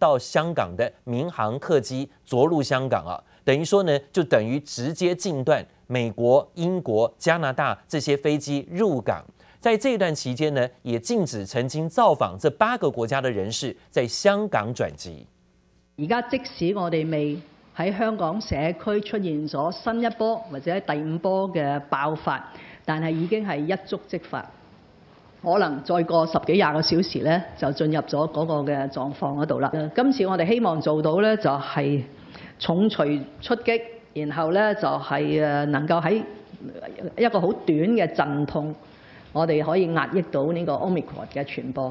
到香港的民航客機着陸香港啊，等於說呢，就等於直接禁斷美國、英國、加拿大這些飛機入港。在這段期間呢，也禁止曾經造訪這八個國家的人士在香港轉機。而家即使我哋未喺香港社區出現咗新一波或者第五波嘅爆發，但係已經係一觸即發。可能再過十幾廿個小時咧，就進入咗嗰個嘅狀況嗰度啦。今次我哋希望做到咧，就係重錘出擊，然後咧就係誒能夠喺一個好短嘅陣痛，我哋可以壓抑到呢個 Omicron 嘅傳播。